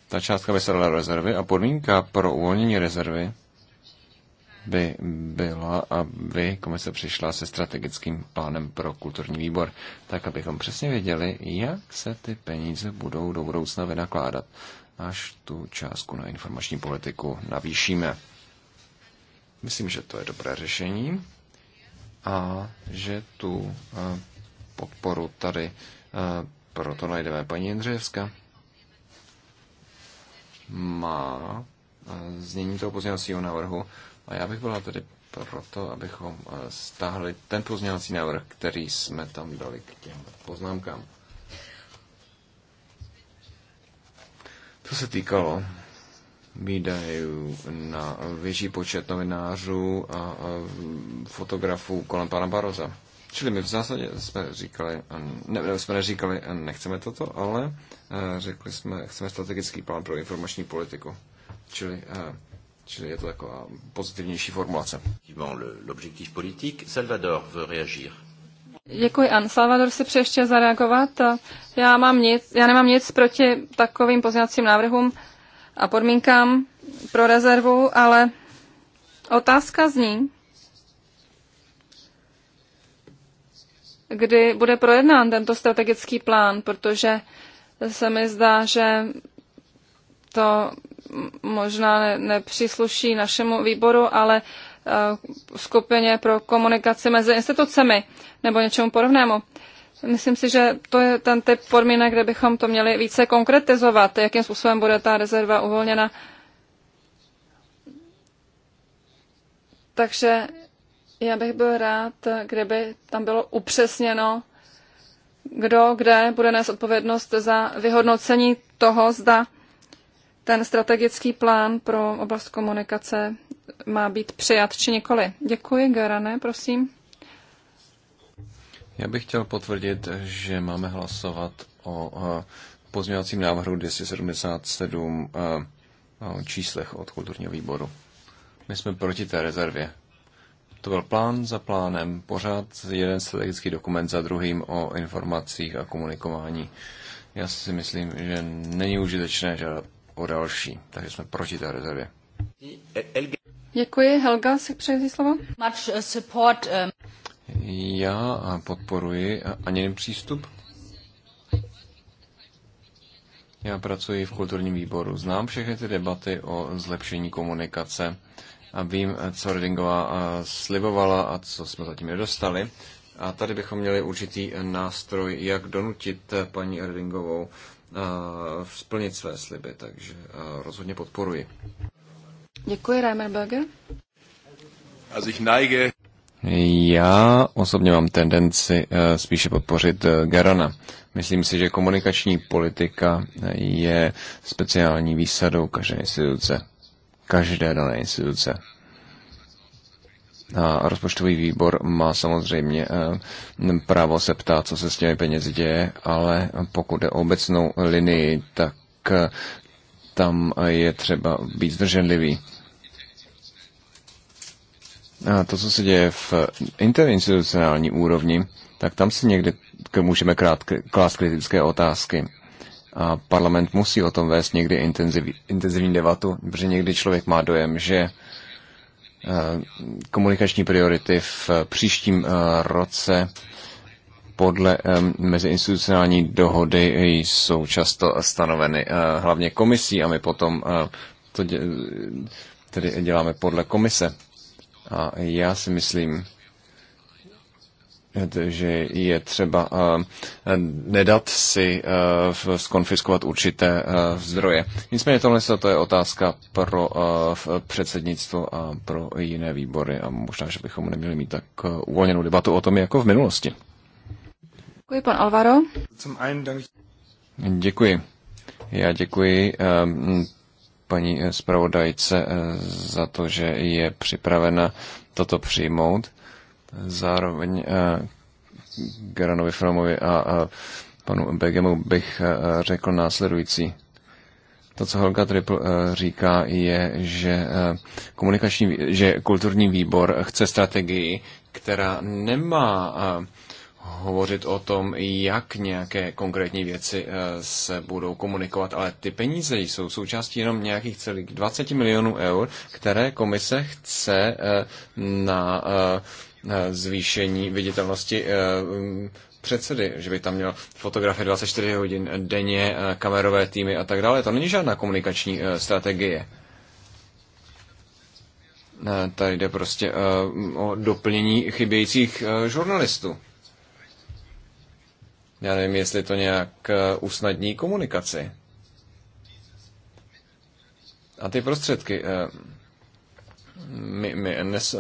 Ta částka by se dala rezervy a podmínka pro uvolnění rezervy by byla, aby komise přišla se strategickým plánem pro kulturní výbor, tak abychom přesně věděli, jak se ty peníze budou do budoucna vynakládat až tu částku na informační politiku navýšíme. Myslím, že to je dobré řešení a že tu eh, podporu tady eh, proto najdeme. Paní Jindřejevská. má eh, znění toho pozměňovacího návrhu a já bych byla tedy proto, abychom stáhli ten pozměňovací návrh, který jsme tam dali k těm poznámkám. Co se týkalo výdajů na větší počet novinářů a fotografů kolem pana Baroza. Čili my v zásadě jsme říkali, ne, ne, jsme neříkali, nechceme toto, ale e, řekli jsme, chceme strategický plán pro informační politiku. Čili, e, čili je to taková pozitivnější formulace. L'objectif politique, Salvador veut réagir. Děkuji, An. Salvador si přeje ještě zareagovat. Já, mám nic, já nemám nic proti takovým pozněvacím návrhům a podmínkám pro rezervu, ale otázka zní, kdy bude projednán tento strategický plán, protože se mi zdá, že to možná nepřísluší našemu výboru, ale uh, Eh, skupině pro komunikaci mezi institucemi nebo něčemu podobnému. Myslím si, že to je ten typ podmínek, kde bychom to měli více konkretizovat, jakým způsobem bude ta rezerva uvolněna. Takže já bych byl rád, kdyby tam bylo upřesněno, kdo kde bude nést odpovědnost za vyhodnocení toho, zda ten strategický plán pro oblast komunikace má být přijat či nikoli. Děkuji, Garane, prosím. Já bych chtěl potvrdit, že máme hlasovat o pozměňovacím návrhu 277 eh, číslech od kulturního výboru. My jsme proti té rezervě. To byl plán za plánem, pořád jeden strategický dokument za druhým o informacích a komunikování. Já si myslím, že není užitečné žádat o další. Takže jsme proti té rezervě. Děkuji. Helga, si přeji slovo. Much uh, support, um, Já podporuji ani přístup. Já pracuji v kulturním výboru. Znám všechny ty debaty o zlepšení komunikace a vím, co Redingová uh, slibovala a co jsme zatím nedostali. A tady bychom měli určitý uh, nástroj, jak donutit paní Redingovou Eh, splnit své sliby, takže eh, rozhodně podporuji. Děkuji, Reimer Berger. Já osobně mám tendenci eh, spíše podpořit Garana. Myslím si, že komunikační politika je speciální výsadou každé instituce. Každé dané instituce. A rozpočtový výbor má samozřejmě eh, právo se ptát, co se s těmi penězi děje, ale pokud jde o obecnou linii, tak eh, tam je třeba být zdrženlivý. A to, co se děje v interinstitucionální úrovni, tak tam si někdy můžeme krát, klást kritické otázky. A parlament musí o tom vést někdy intenziv, intenzivní debatu, protože někdy člověk má dojem, že Eh, komunikační priority v příštím eh, roce podle meziinstitucionální dohody jsou často stanoveny eh, hlavně komisí a my potom to dě, tedy děláme podle komise. A já si myslím, že je třeba eh, nedat si eh, skonfiskovat určité eh, zdroje. Nicméně tohle to je otázka pro předsednictvo a pro jiné výbory a možná, že bychom neměli mít tak uvolněnou debatu o tom jako v minulosti. Děkuji, pan Alvaro. Děkuji. Já děkuji ehm, paní zpravodajce za to, že je připravena toto přijmout Zároveň eh, Garanovi Fromovi a panu Begemu bych eh, řekl následující. To, co Holga Triple eh, říká, je, že, komunikační, že kulturní výbor chce strategii, která nemá hovořit o tom, jak nějaké konkrétní věci se budou komunikovat, ale ty peníze jsou součástí jenom nějakých celých 20 milionů eur, které komise chce na Eh, zvýšení viditelnosti eh, mm, předsedy, že by tam měl fotografie 24 hodin denně, eh, kamerové týmy a tak dále. To není žádná komunikační strategie. Tady jde prostě o doplnění chybějících žurnalistů. Já nevím, jestli to nějak usnadní komunikaci. A ty prostředky, my, my nes,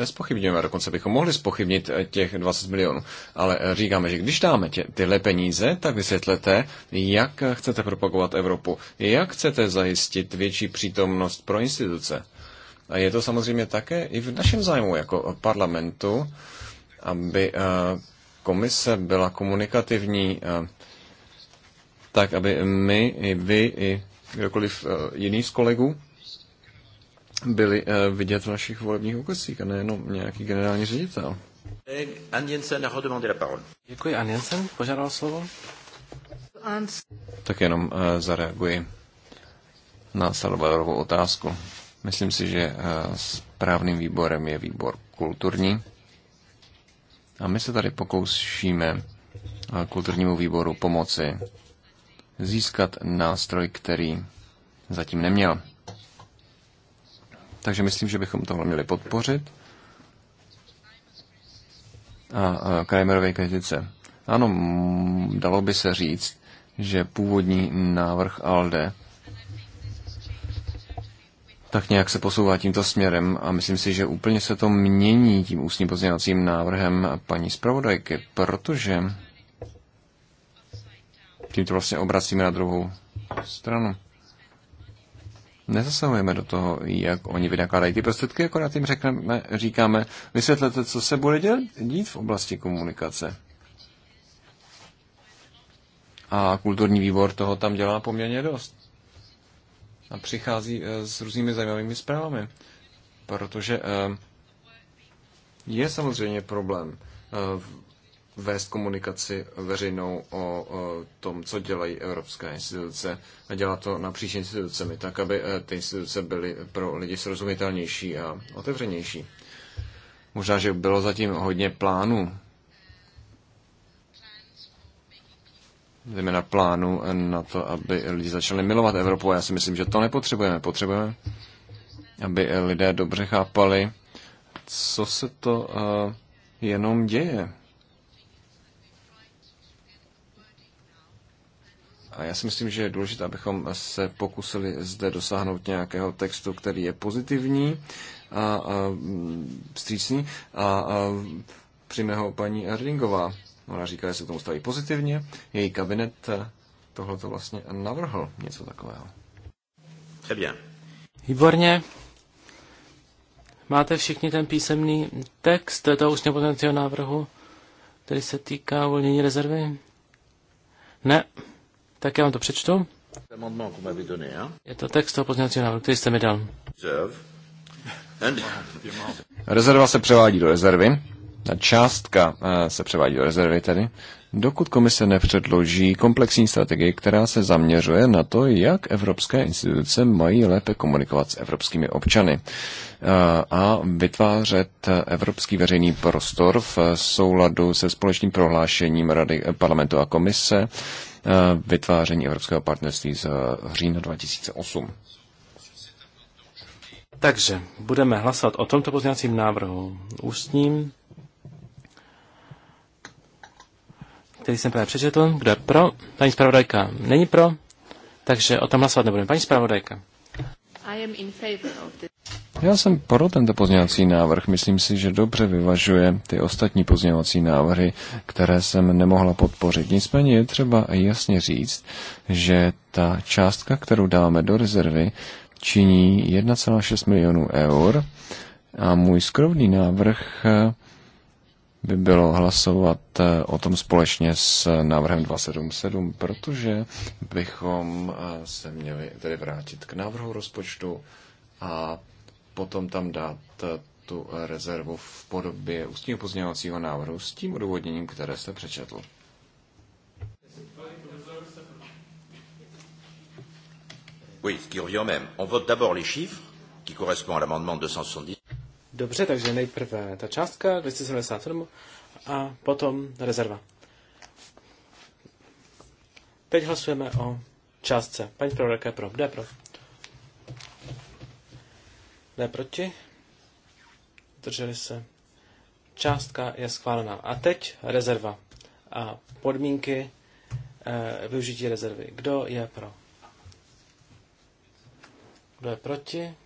nespochybňujeme, dokonce bychom mohli spochybnit těch 20 milionů, ale říkáme, že když dáme tě, tyhle peníze, tak vysvětlete, jak chcete propagovat Evropu, jak chcete zajistit větší přítomnost pro instituce. A je to samozřejmě také i v našem zájmu jako parlamentu, aby eh, komise byla komunikativní, eh, tak aby my, i vy, i kdokoliv eh, jiný z kolegů byli eh, vidět v našich volebních okresích a nejenom nějaký generální ředitel. Děkuji, Ann Jensen požádal slovo. Tak jenom eh, zareaguji na Salvadorovou otázku. Myslím si, že eh, správným výborem je výbor kulturní. A my se tady pokoušíme kulturnímu výboru pomoci získat nástroj, který zatím neměl. Takže myslím, že bychom tohle měli podpořit. A, a Kramerové kritice. Ano, dalo by se říct, že původní návrh ALDE tak nějak se posouvá tímto směrem a myslím si, že úplně se to mění tím ústním pozměňovacím návrhem paní zpravodajky, protože tímto vlastně obracíme na druhou stranu nezasahujeme do toho, jak oni vynakládají ty prostředky, akorát jim řekneme, říkáme, vysvětlete, co se bude dělat, dít v oblasti komunikace. A kulturní výbor toho tam dělá poměrně dost. A přichází eh, s různými zajímavými zprávami. Protože eh, je samozřejmě problém eh, vést komunikaci veřejnou o, tom, co dělají evropské instituce a dělat to napříč institucemi, tak aby eh, ty instituce byly pro lidi srozumitelnější a otevřenější. Možná, že bylo zatím hodně plánů, zejména plánu na to, aby lidi začali milovat Evropu. Já si myslím, že to nepotřebujeme. Potřebujeme, aby lidé dobře chápali, co se to eh, jenom děje A já si myslím, že je důležité, abychom se pokusili zde dosáhnout nějakého textu, který je pozitivní a, a mm, vstřícný. A, a přijme ho paní Erdingová. Ona říká, že se tomu staví pozitivně. Její kabinet tohle to vlastně navrhl, něco takového. Très Výborně. Máte všichni ten písemný text toho ústně potenciálního návrhu, který se týká uvolnění rezervy? Ne. Tak já vám to přečtu. Je to text toho pozměňovacího návrhu, který jste mi dal. Rezerva se převádí do rezervy. Ta částka eh, se převádí do rezervy tedy dokud komise nepředloží komplexní strategii, která se zaměřuje na to, jak evropské instituce mají lépe komunikovat s evropskými občany eh, a vytvářet evropský veřejný prostor v souladu se společným prohlášením Rady eh, parlamentu a komise eh, vytváření Evropského partnerství z října 2008. Takže budeme hlasovat o tomto pozměňovacím návrhu ústním který jsem právě přečetl. Kdo je pro? Paní zpravodajka není pro, takže o tom hlasovat nebudeme. Paní zpravodajka. Já jsem pro tento pozměňovací návrh. Myslím si, že dobře vyvažuje ty ostatní pozměňovací návrhy, které jsem nemohla podpořit. Nicméně je třeba jasně říct, že ta částka, kterou dáme do rezervy, činí 1,6 milionů eur a můj skromný návrh by bylo hlasovat eh, o tom společně s návrhem 277, protože bychom eh, se měli tedy vrátit k návrhu rozpočtu a potom tam dát eh, tu rezervu v podobě ústního pozměňovacího návrhu s tím odůvodněním, které jste přečetl. Oui, ce qui revient même. On vote d'abord les chiffres qui correspondent à l'amendement 270 Dobře, takže nejprve ta částka 277 a potom rezerva. Teď hlasujeme o částce. Paní zpravodajka je pro. Kde pro? Ne proti? Drželi se. Částka je schválená. A teď rezerva a podmínky e, využití rezervy. Kdo je pro? Kdo je proti?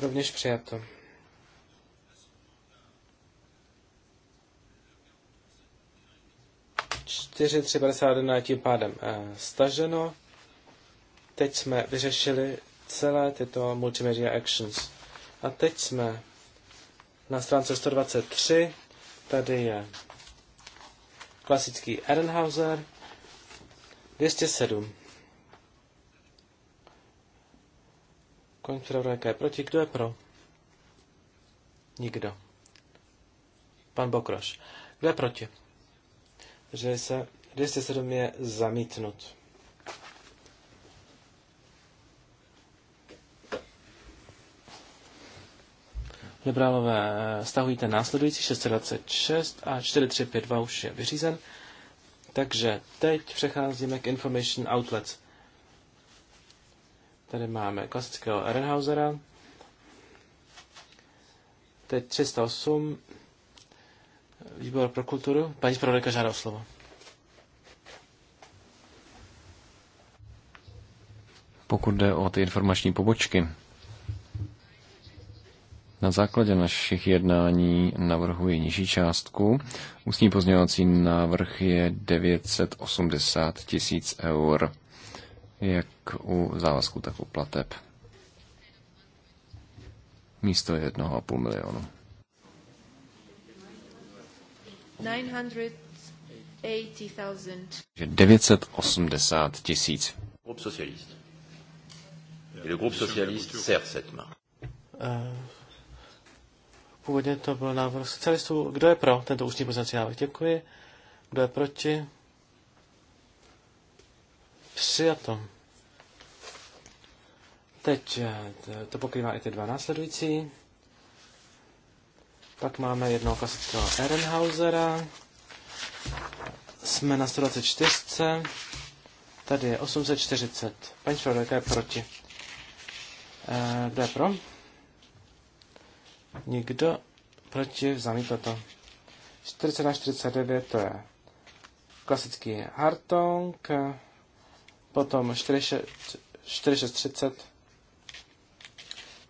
Rovněž přijato. Čtyři, tři, tím pádem eh, staženo. Teď jsme vyřešili celé tyto multimedia actions. A teď jsme na stránce 123. Tady je klasický Ehrenhauser 207. Koň zpravodajka je proti. Kdo je pro? Nikdo. Pan Bokroš. Kdo je proti? Že se 207 je zamítnut. Liberálové eh, stahují ten následující 626 a 4352 už je vyřízen. Takže teď přecházíme k Information Outlets. Tady máme klasického Ehrenhausera. Teď 308. Výbor pro kulturu. Paní zpravodajka žádá o slovo. Pokud jde o ty informační pobočky, na základě našich jednání navrhuji nižší částku. Ústní pozměňovací návrh je 980 tisíc eur jak u závazku, tak u plateb. Místo jednoho a půl milionu. 980 tisíc. Groupe socialiste. le groupe socialiste sert cette main. Eh, původně to byl návrh socialistů. Kdo je pro tento ústní poznací návrh? Děkuji. Kdo je proti? Přijato. Teď eh, to pokrývá i ty dva následující. Pak máme jednoho klasického Ehrenhausera. Jsme na 124. Tady je 840. Paní Šrodojka je proti. E, kdo je pro? Nikdo proti zamítl to. 40 na 49 to je klasický Hartong. Potom 4630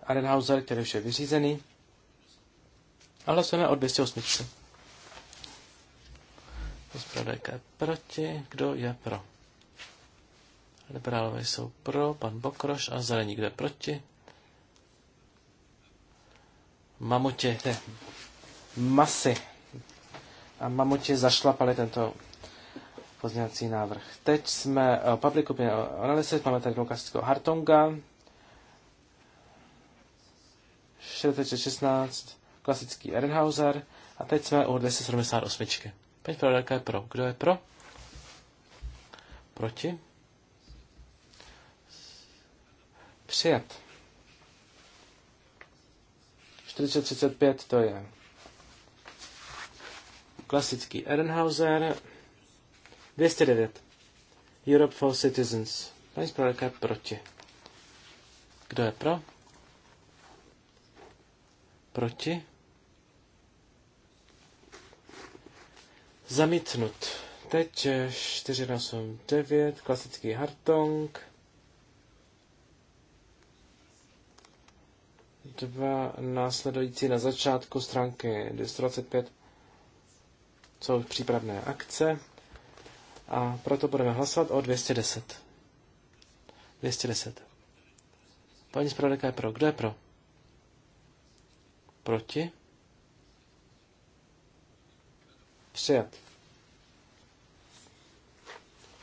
Arenhauser, který už je vyřízený. A hlasujeme o 208. Zpravodajka je proti. Kdo je pro? Liberálové jsou pro, pan Bokroš a zelení kde proti. Mamutě, masy. A mamutě zašlapali tento pozměňovací návrh. Teď jsme eh, public opinion analysis, máme tady klasického Hartonga, 16, klasický Ehrenhauser a teď jsme u 278. pro pravodajka je pro. Kdo je pro? Proti? Přijat. 435 to je klasický Ehrenhauser, 209. Europe for Citizens. Paní zpravodajka je proti. Kdo je pro? Proti? Zamítnut. Teď 489, klasický hartong. 2 následující na začátku stránky 225 jsou přípravné akce a proto budeme hlasovat o 210. 210. Paní zpravodajka je pro. Kdo je pro? Proti? Přijat.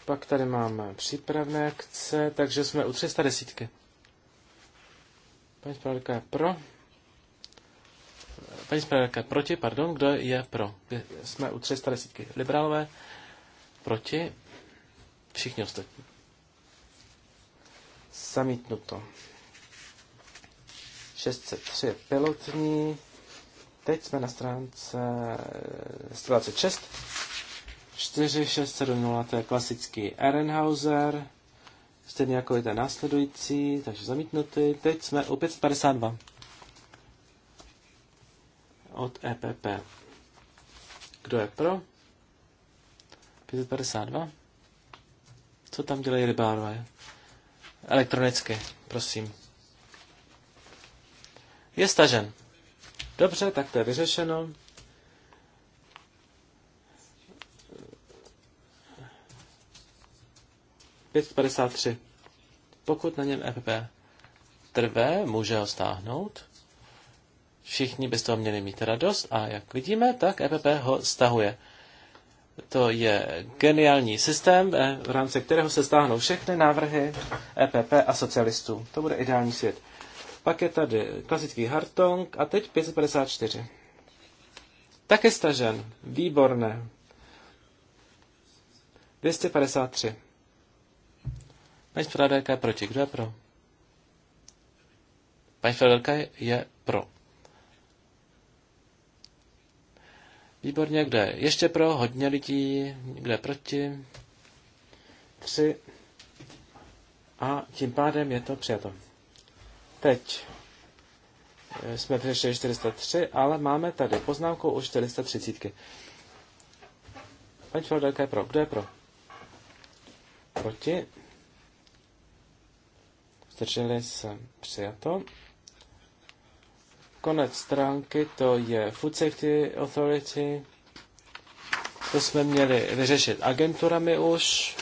Pak tady máme přípravné akce, takže jsme u 310. Paní zpravodajka je pro. Paní zpravodajka proti, pardon, kdo je pro? Jsme u 310. Liberálové Proti? Všichni ostatní. Samítnuto. 603 pilotní. Teď jsme na stránce 126. 4670, to je klasický Ehrenhauser, stejně jako je ten následující, takže zamítnutý. Teď jsme u 552 od EPP. Kdo je pro? 552. Co tam dělají rybárové? Elektronicky, prosím. Je stažen. Dobře, tak to je vyřešeno. Pokud na něm EPP trve, může ho stáhnout. Všichni by z toho měli mít radost a jak vidíme, tak EPP ho stahuje. To je geniální systém, eh, v rámci kterého se stáhnou všechny návrhy EPP a socialistů. To bude ideální svět. Pak je tady klasický Hartong a teď 554. Také stažen. Výborné. 253. Paní zpravodajka je proti. Kdo je pro? Paní zpravodajka je pro. Výborně, kde ještě pro, hodně lidí, kde proti. Tři. A tím pádem je to přijato. Teď eh, jsme přešli 403, ale máme tady poznámku u 430. Paní Flordelka je pro. Kdo je pro? Proti. Zdrželi se přijato konec stránky, to je Food Safety Authority. To jsme měli vyřešit agenturami už.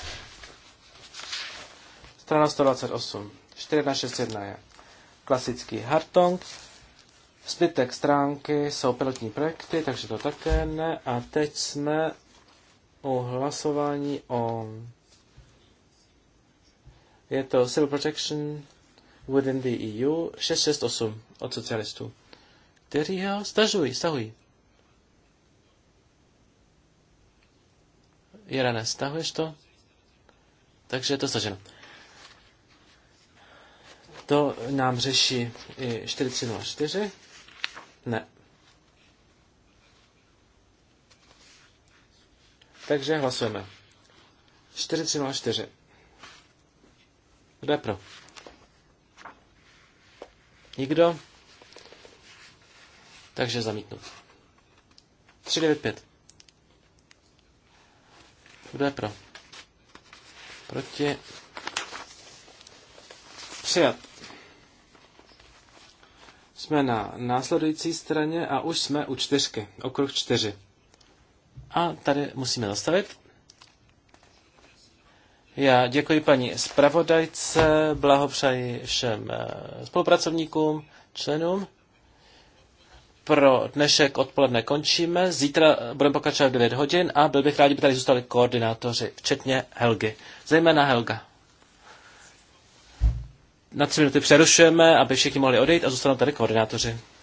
Strana 128. 4161 je klasický Hartong. Zbytek stránky jsou pilotní projekty, takže to také ne. A teď jsme u hlasování o... Je to Civil Protection within the EU 668 od socialistů kteří ho stažují, stahují. Jirane, stahuješ to? Takže je to staženo. To nám řeší i 4304? Ne. Takže hlasujeme. 4304. Kdo je pro? Nikdo? Takže zamítnu. 395. Kdo je pro? Proti. Přijat. Jsme na následující straně a už jsme u čtyřky, okruh čtyři. A tady musíme zastavit. Já děkuji paní zpravodajce, blahopřeji všem eh, spolupracovníkům, členům pro dnešek odpoledne končíme. Zítra budeme pokračovat v 9 hodin a byl bych rád, kdyby tady zůstali koordinátoři, včetně Helgy. Zejména Helga. Na tři minuty přerušujeme, aby všichni mohli odejít a zůstanou tady koordinátoři.